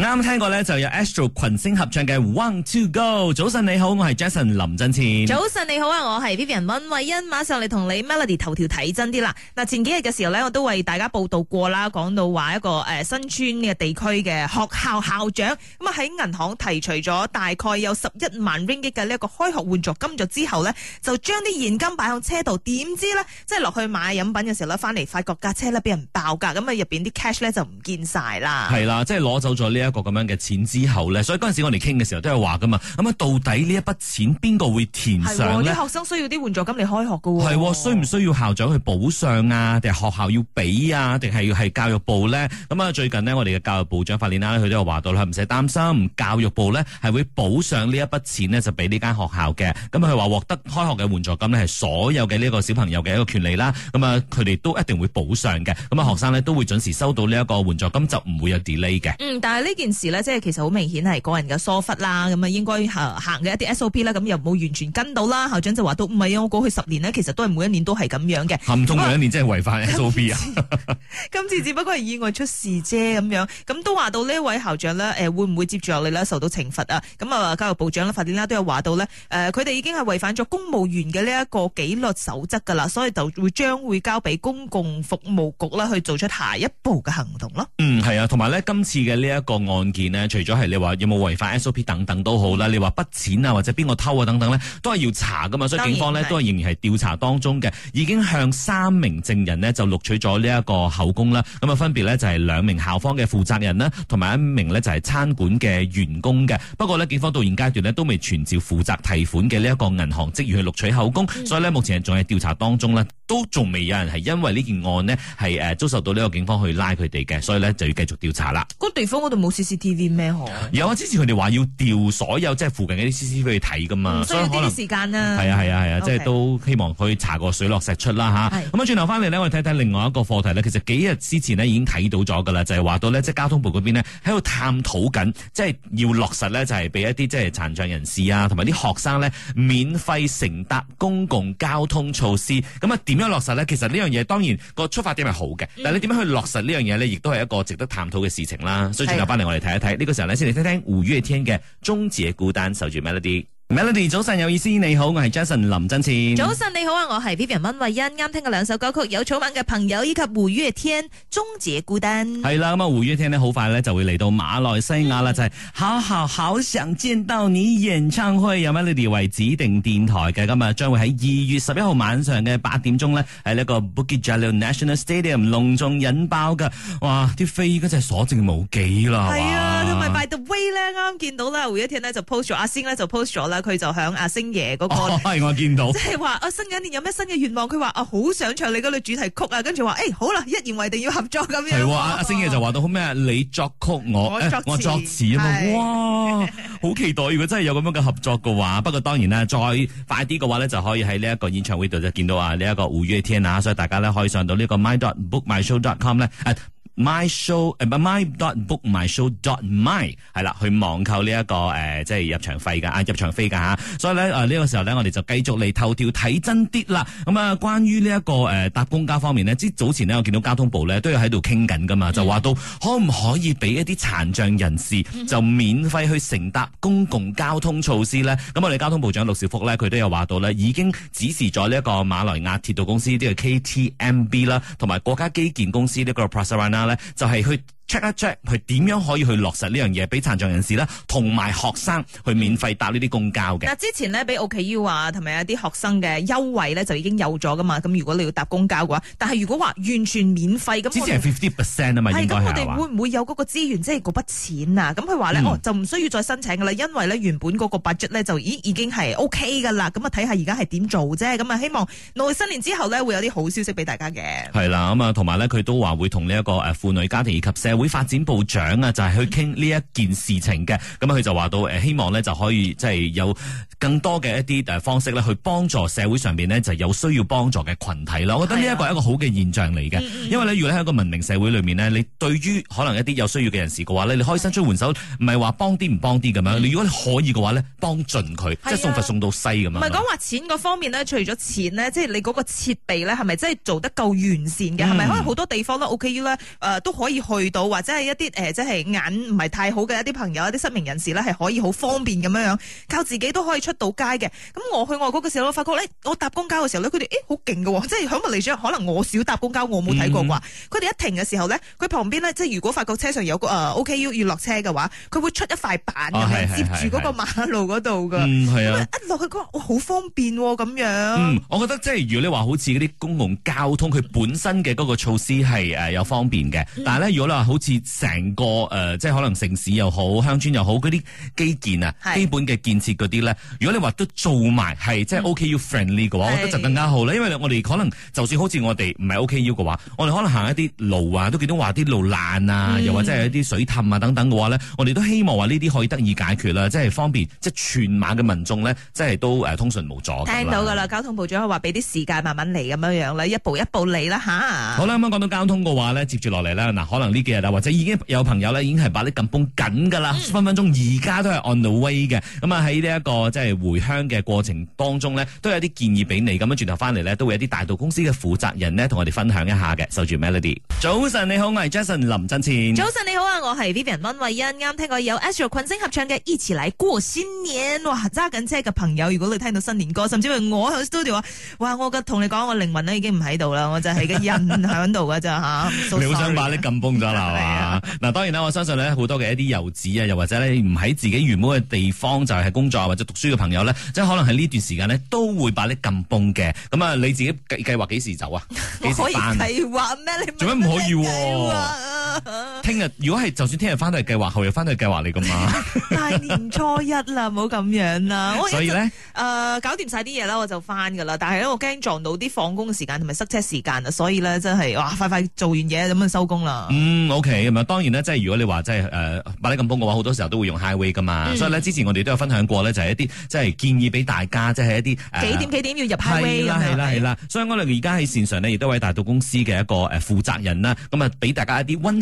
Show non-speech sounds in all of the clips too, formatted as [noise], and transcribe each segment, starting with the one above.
啱啱聽過咧，就有 Astro 群星合唱嘅《One Two Go》。早晨你好，我係 Jason 林振前。早晨你好啊，我係 Vivian 溫慧欣。馬上嚟同你 Melody 頭條睇真啲啦。嗱，前幾日嘅時候咧，我都為大家報道過啦，講到話一個誒、呃、新村呢個地區嘅學校校長咁啊，喺銀行提取咗大概有十一萬 ringgit 嘅呢一個開學援助金，咗之後呢，就將啲現金擺喺車度，點知呢？即係落去買飲品嘅時候呢，翻嚟發覺架車呢俾人爆格，咁啊入邊啲 cash 呢，就唔見晒啦。係啦，即係攞走咗呢。一個咁樣嘅錢之後咧，所以嗰陣時我哋傾嘅時候都有話噶嘛，咁啊到底呢一筆錢邊個會填上啲、哦、學生需要啲援助金嚟開學噶喎、哦，係喎、哦，需唔需要校長去補上啊？定係學校要俾啊？定係要係教育部咧？咁啊最近呢，我哋嘅教育部長法利拉，佢都有話到啦，唔使擔心，教育部咧係會補上呢一筆錢咧，就俾呢間學校嘅。咁佢話獲得開學嘅援助金呢，係所有嘅呢個小朋友嘅一個權利啦。咁啊，佢哋都一定會補上嘅。咁啊，學生呢，都會準時收到呢一個援助金，就唔會有 delay 嘅、嗯。但係呢？呢件事呢，即係其實好明顯係個人嘅疏忽啦，咁啊應該行嘅一啲 SOP 啦，咁又冇完全跟到啦。校長就話到唔係啊，我過去十年呢，其實都係每一年都係咁樣嘅。唔通每一年即係違反 SOP 啊？今說次，次只不過係意外出事啫，咁 [laughs] 樣咁都話到呢位校長呢，誒、呃、會唔會接住落嚟，呢？受到懲罰啊？咁啊，教育部長呢，法典啦都有話到呢，誒佢哋已經係違反咗公務員嘅呢一個紀律守則噶啦，所以就會將會交俾公共服務局啦去做出下一步嘅行動咯。嗯，係啊，同埋呢，今次嘅呢一個。案件咧，除咗係你話有冇違反 SOP 等等都好啦，你話筆錢啊或者邊個偷啊等等呢，都係要查噶嘛，所以警方呢，都仍然係調查當中嘅。已經向三名證人呢就錄取咗呢一個口供啦。咁啊分別呢，就係兩名校方嘅負責人啦，同埋一名呢就係餐館嘅員工嘅。不過呢，警方到現階段呢都未傳召負責提款嘅呢一個銀行職員去錄取口供。嗯、所以呢，目前仲喺調查當中呢，都仲未有人係因為呢件案呢係誒遭受到呢個警方去拉佢哋嘅，所以呢，就要繼續調查啦。個地方我都冇。CCTV 咩好？有啊！之前佢哋話要調所有即係附近嗰啲 CCTV 去睇噶嘛，所以呢啲時間啊！係啊係啊係啊！啊啊啊 okay 即係都希望去查個水落石出啦嚇。咁是啊轉頭翻嚟咧，我哋睇睇另外一個課題咧。其實幾日之前呢已經睇到咗噶啦，就係、是、話到呢，即係交通部嗰邊咧喺度探討緊，即係要落實呢，就係、是、俾一啲即係殘障人士啊，同埋啲學生呢，免費乘搭公共交通措施。咁啊點樣落實呢？其實呢樣嘢當然個出發點係好嘅，嗯、但係你點樣去落實呢樣嘢呢，亦都係一個值得探討嘅事情啦。所以我嚟睇一睇呢個時候咧，先嚟聽聽五月天嘅《終結孤單》守住 Melody。Melody，早晨有意思，你好，我係 Jason 林振前。早晨你好啊，我係 Vivian 溫慧欣。啱聽過兩首歌曲，有草蜢嘅朋友以及五月天《終結孤單》。係啦，咁啊，五月天呢，好快咧就會嚟到馬來西亞啦，嗯、就係好好好想見到你演唱會，有 Melody 為指定電台嘅，咁啊將會喺二月十一號晚上嘅八點鐘呢，喺呢個 Bukit Jalil National Stadium 隆重引爆噶，哇，啲飛依家真係所剩無幾啦，係嘛、啊？喺 The Way 咧，啱啱見到啦，胡一天咧就 post 咗，阿星咧就 post 咗啦，佢就響阿星爺嗰個，係我見到，即係話阿星新一年有咩新嘅願望？佢話啊，好想唱你嗰句主題曲啊，跟住話，誒好啦，一言為定要合作咁樣。係阿阿星爺就話到好咩？你作曲我，我作詞啊嘛，哇，好期待！如果真係有咁樣嘅合作嘅話，不過當然咧，再快啲嘅話咧，就可以喺呢一個演唱會度就見到啊呢一個胡一天啊，所以大家咧可以上到呢個 my dot bookmyshow dot com 咧。My show，誒唔係 my dot book my show dot my 係啦，去網購呢一個誒、呃，即係入場費噶啊，入場費噶吓。所以咧，誒、呃、呢、這個時候咧，我哋就繼續嚟透跳睇真啲啦。咁啊，關於呢一個誒、呃、搭公交方面呢，即早前呢，我見到交通部咧都有喺度傾緊噶嘛，就話到可唔可以俾一啲殘障人士就免費去乘搭公共交通措施咧？咁我哋交通部長陸兆福咧，佢都有話到咧，已經指示咗呢一個馬來亞鐵道公司呢、這個 K T M B 啦、啊，同埋國家基建公司呢、這個 Prasarana 咧就係去，check 一 check 佢點樣可以去落實呢樣嘢，俾殘障人士啦，同埋學生去免費搭呢啲公交嘅。嗱，之前咧俾屋企要話，同埋、OK、一啲學生嘅優惠咧，就已經有咗噶嘛。咁如果你要搭公交嘅話，但係如果話完全免費咁，之前係 fifty percent 嘛，應該係咁，我哋會唔會有嗰個資源，即係嗰筆錢啊？咁佢話咧，嗯、哦，就唔需要再申請噶啦，因為咧原本嗰個 budget 咧就咦已經係 OK 噶啦。咁啊睇下而家係點做啫。咁啊希望到新年之後咧會有啲好消息俾大家嘅。係啦，咁啊同埋咧佢都話會同呢一個誒婦女家庭以及社會。會發展部長啊，就係、是、去傾呢一件事情嘅。咁佢、嗯、就話到誒、呃，希望咧就可以即係、就是、有更多嘅一啲誒方式咧，去幫助社會上邊呢，就有需要幫助嘅群體咯。嗯、我覺得呢一個係一個好嘅現象嚟嘅，因為咧，如果你喺一個文明社會裏面呢，你對於可能一啲有需要嘅人士嘅話，你可以伸出援手，唔係話幫啲唔幫啲咁樣。嗯、你如果你可以嘅話咧，幫盡佢，嗯、即係送佛送到西咁樣。唔係講話錢嗰方面呢，除咗錢呢，即、就、係、是、你嗰個設備咧，係咪真係做得夠完善嘅？係咪、嗯、可能好多地方咧，OKU 咧誒都可以去到。或者係一啲誒，即、呃、係、就是、眼唔係太好嘅一啲朋友，一啲失明人士咧，係可以好方便咁樣樣，靠自己都可以出到街嘅。咁我去外國嘅時候咧，我發覺咧、欸，我搭公交嘅時候咧，佢哋誒好勁嘅，即係喺馬來西亞可能我少搭公交，我冇睇過啩。佢哋、嗯、一停嘅時候呢，佢旁邊咧，即係如果發覺車上有個 OKU 要要落車嘅話，佢會出一塊板，係、哦、接住嗰個馬路嗰度噶。一落去佢，哇、啊，好方便咁樣。嗯，我覺得即係如果你話好似嗰啲公共交通，佢本身嘅嗰個措施係有方便嘅，嗯、但係如果啦。好似成個誒、呃，即係可能城市又好，鄉村又好，嗰啲基建啊，是基本嘅建設嗰啲咧，如果你話都做埋係、嗯、即係 OKU friendly 嘅話，是我覺得就更加好啦。因為我哋可能就算好似我哋唔係 OKU 嘅話，我哋可能行一啲路，一路啊，都見到話啲路爛啊，又或者係一啲水氹啊等等嘅話咧，我哋都希望話呢啲可以得以解決啦，即係方便，即係全馬嘅民眾咧，即係都、啊、通訊無阻。聽到㗎啦，交通部長話俾啲時間慢慢嚟咁樣樣一步一步嚟啦嚇。好啦，咁講講到交通嘅話咧，接住落嚟咧，嗱，可能呢幾日。或者已經有朋友咧，已經係把啲緊崩緊㗎啦，嗯、分分鐘而家都係 on the way 嘅。咁啊、這個，喺呢一個即係回鄉嘅過程當中呢，都有啲建議俾你。咁樣轉頭翻嚟呢，都會有啲大道公司嘅負責人呢同我哋分享一下嘅。守住 Melody，早晨你好，我係 Jason 林振前。早晨你好啊，我係 Vivian 溫慧欣。啱聽過有 Asher 群星合唱嘅《一起嚟過新年》。哇，揸緊車嘅朋友，如果你聽到新年歌，甚至係我喺 studio 啊，哇，我嘅同你講，我靈魂咧已經唔喺度啦，我就係個人喺度㗎咋嚇。你好想把啲緊崩咗啦？ [laughs] 係啊，嗱，當然啦，我相信咧，好多嘅一啲遊子啊，又或者咧唔喺自己原本嘅地方就係工作啊或者讀書嘅朋友咧，即係可能喺呢段時間咧都會把你撳崩嘅。咁啊，你自己計計劃幾時走啊？我可以計劃咩？你做咩唔可以、啊？聽日如果係，就算聽日翻都係計劃，後日翻都係計劃嚟噶嘛。大年初一啦，唔好咁樣啦、呃。所以咧，誒，搞掂晒啲嘢啦，我就翻噶啦。但係咧，我驚撞到啲放工嘅時間同埋塞車時間啊，所以咧真係，哇，快快做完嘢咁樣收工啦。嗯，OK，咁啊、嗯，當然咧，即係如果你話即係誒，買里咁忙嘅話，好多時候都會用 highway 噶嘛。嗯、所以咧，之前我哋都有分享過咧，就係、是、一啲即係建議俾大家，即、就、係、是、一啲、呃、幾點幾點要入 highway 啊。啦，係啦，係啦。的所以我哋而家喺線上咧，亦都為大道公司嘅一個誒負責人啦。咁啊，俾大家一啲溫。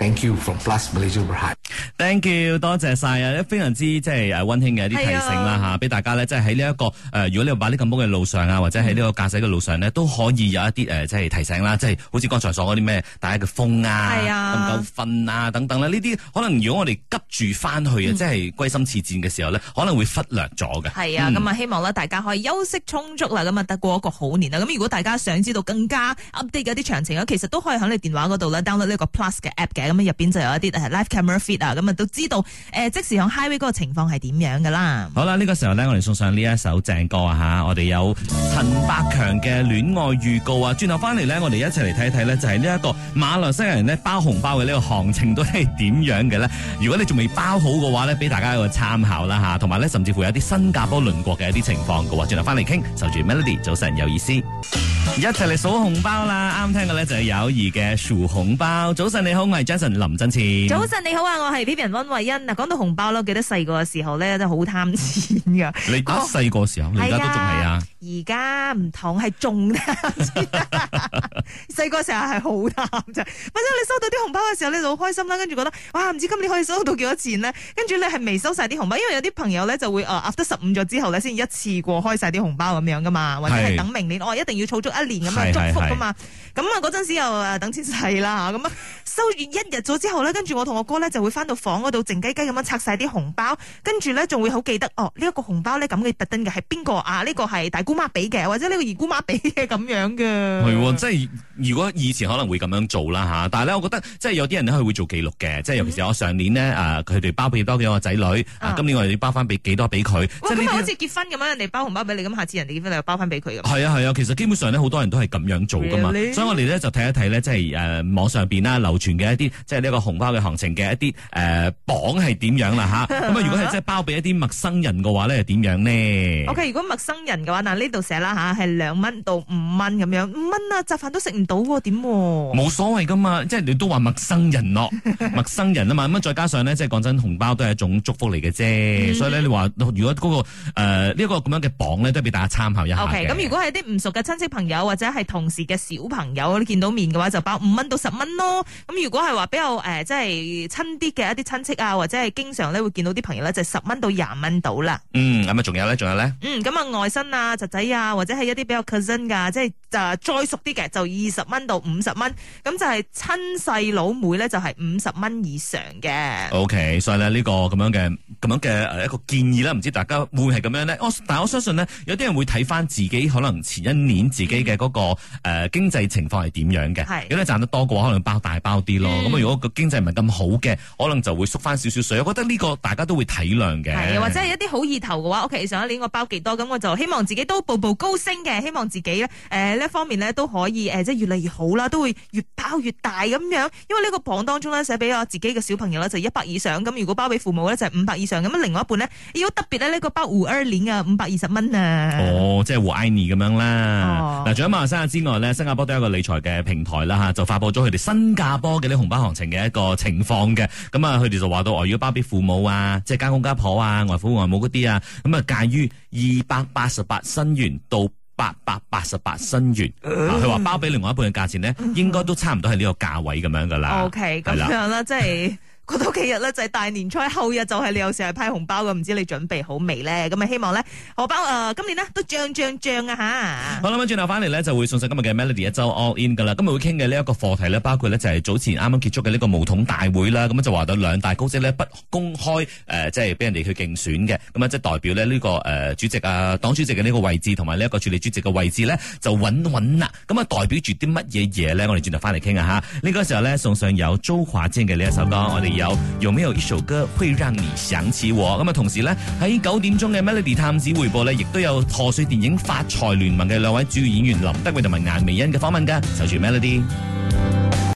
Thank you from Plus Malaysia b r a Thank you，多謝晒啊！非常之即係温溫馨嘅一啲提醒啦吓，俾大家咧即係喺呢一個誒、呃，如果你要擺呢咁多嘅路上啊，或者喺呢個駕駛嘅路上呢，都可以有一啲即係提醒啦，即係好似剛才所講啲咩，大家嘅風啊，夠唔夠瞓啊，啊等等咧，呢啲可能如果我哋急住翻去啊，嗯、即係歸心似箭嘅時候呢，可能會忽略咗嘅。係啊，咁啊、嗯、希望大家可以休息充足啦，咁啊得過一個好年啦。咁如果大家想知道更加 update 嘅一啲詳情啊，其實都可以喺你電話嗰度 download 呢個個 Plus 嘅 app 嘅。咁入邊就有一啲 live camera feed 啊，咁啊都知道誒，即時響 highway 嗰個情況係點樣噶啦。好啦，呢個時候咧，我哋送上呢一首正歌啊吓，我哋有陳百強嘅《戀愛預告》啊。轉頭翻嚟咧，我哋一齊嚟睇睇咧，就係呢一個馬來西亞人咧包紅包嘅呢個行情都係點樣嘅咧。如果你仲未包好嘅話咧，俾大家一個參考啦吓，同埋咧甚至乎有啲新加坡鄰國嘅一啲情況嘅話，轉頭翻嚟傾。受住 melody，早晨有意思，一齊嚟數紅包啦！啱聽嘅咧就係友誼嘅數紅包。早晨你好，我係早晨，林振早晨你好啊，我係 Vivian 溫慧欣。嗱，講到紅包咯，記得細個嘅時候咧，真係好貪錢噶。你而家細個時候，你而家都仲係啊？而家唔同，係仲貪錢。細個時候係好貪啫，反正你收到啲紅包嘅時候你就好開心啦。跟住覺得哇，唔知今年可以收到幾多錢咧？跟住你係未收曬啲紅包，因為有啲朋友咧就會 After 十五咗之後咧，先一次過開曬啲紅包咁樣噶嘛，或者係等明年我是、哦、一定要儲足一年咁樣祝福噶嘛。咁啊，嗰陣時又等錢使啦，咁啊收完一日咗之後咧，跟住我同我哥咧就會翻到房嗰度靜雞雞咁樣拆晒啲紅包，跟住咧仲會好記得哦呢一、這個紅包咧咁嘅特登嘅係邊個啊？呢、這個係大姑媽俾嘅，或者呢個二姑媽俾嘅咁樣嘅。係、哦，即係如果以前可能會咁樣做啦吓，但係咧我覺得即係有啲人咧佢會做記錄嘅，即係尤其是我上年咧、嗯、啊，佢哋包俾包俾我仔女，啊，今年我哋要包翻俾幾多俾佢。哇、哦、呢、哦、好似結婚咁樣，人哋包紅包俾你，咁下次人哋結婚又包翻俾佢。係啊係啊，其實基本上咧好多人都係咁樣做噶嘛，Really? 所以我哋咧就睇一睇咧，即係誒網上邊啦流傳嘅一啲。即係呢個紅包嘅行情嘅一啲誒、呃、榜係點樣啦吓，咁啊、嗯、如果係即係包俾一啲陌生人嘅話咧，點 [laughs] 樣呢 o、okay, k 如果陌生人嘅話，嗱呢度寫啦吓，係兩蚊到五蚊咁樣，五蚊啊，集飯都食唔到喎，點、啊？冇所謂噶嘛，即係你都話陌生人咯，陌生人啊 [laughs] 生人嘛，咁再加上咧，即係講真，紅包都係一種祝福嚟嘅啫，嗯、所以咧你話如果嗰、那個誒、呃這個、呢個咁樣嘅榜咧，都係俾大家參考一下 OK，咁如果係啲唔熟嘅親戚朋友或者係同事嘅小朋友，你見到面嘅話，就包五蚊到十蚊咯。咁如果係話，比較誒，即係親啲嘅一啲親戚啊，或者係經常咧會見到啲朋友咧，就係十蚊到廿蚊到啦。嗯，咁啊，仲有咧，仲有咧。嗯，咁啊，外甥啊、侄仔啊，或者係一啲比較 cousin 噶，即係誒再熟啲嘅，就二十蚊到五十蚊。咁就係親細佬妹咧，就係五十蚊以上嘅。OK，所以咧呢個咁樣嘅咁樣嘅誒一個建議啦，唔知大家會係咁樣咧？我但係我相信呢，有啲人會睇翻自己可能前一年自己嘅嗰個誒經濟情況係點樣嘅。係，如果你賺得多嘅話，可能包大包啲咯。嗯咁如果個經濟唔係咁好嘅，可能就會縮返少少水。我覺得呢個大家都會體諒嘅。係，或者係一啲好意頭嘅話，我其實上一年我包幾多，咁我就希望自己都步步高升嘅。希望自己咧，誒、呃、呢一方面咧都可以誒、呃，即係越嚟越好啦，都會越包越大咁樣。因為呢個榜當中咧寫俾我自己嘅小朋友咧就一百以上，咁如果包俾父母咧就五百以上。咁另外一半呢，如果特別咧呢、呢個包胡埃年啊五百二十蚊啊。哦，即係胡埃尼咁樣啦。嗱、哦，除咗馬來西亞之外咧，新加坡都有一個理財嘅平台啦吓，就發布咗佢哋新加坡嘅啲紅包。行情嘅一個情況嘅，咁啊，佢哋就話到，我如果包俾父母啊，即係家公家婆啊，外父外母嗰啲啊，咁啊，介於二百八十八新元到八百八十八新元，佢話、嗯、包俾另外一半嘅價錢咧，嗯、哼應該都差唔多係呢個價位咁樣噶啦。OK，咁樣啦，即係。過多幾日咧，就係、是、大年初，後日就係你有時係派紅包㗎。唔知你準備好未咧？咁啊，希望咧，荷包誒、呃，今年咧都漲漲漲啊吓！好啦，咁轉頭翻嚟咧，就會送上今日嘅 Melody 一周 All In 噶啦。今日會傾嘅呢一個課題咧，包括咧就係早前啱啱結束嘅呢個巫統大會啦。咁就話到兩大高職咧不公開誒、呃就是，即係俾人哋去競選嘅。咁啊即係代表呢、這個誒、呃、主席啊，黨主席嘅呢個位置，同埋呢一個署理主席嘅位置咧，就穩穩啦。咁啊代表住啲乜嘢嘢咧？我哋轉頭翻嚟傾啊吓。呢、這個時候咧，送上有周華健嘅呢一首歌，哦、我哋。有有冇有一首歌會讓你想起我？咁啊，同時咧喺九點鐘嘅 Melody 探子回報咧，亦都有賀歲電影《發財聯盟》嘅兩位主要演員林德偉同埋顏美欣嘅訪問㗎。就住 Melody。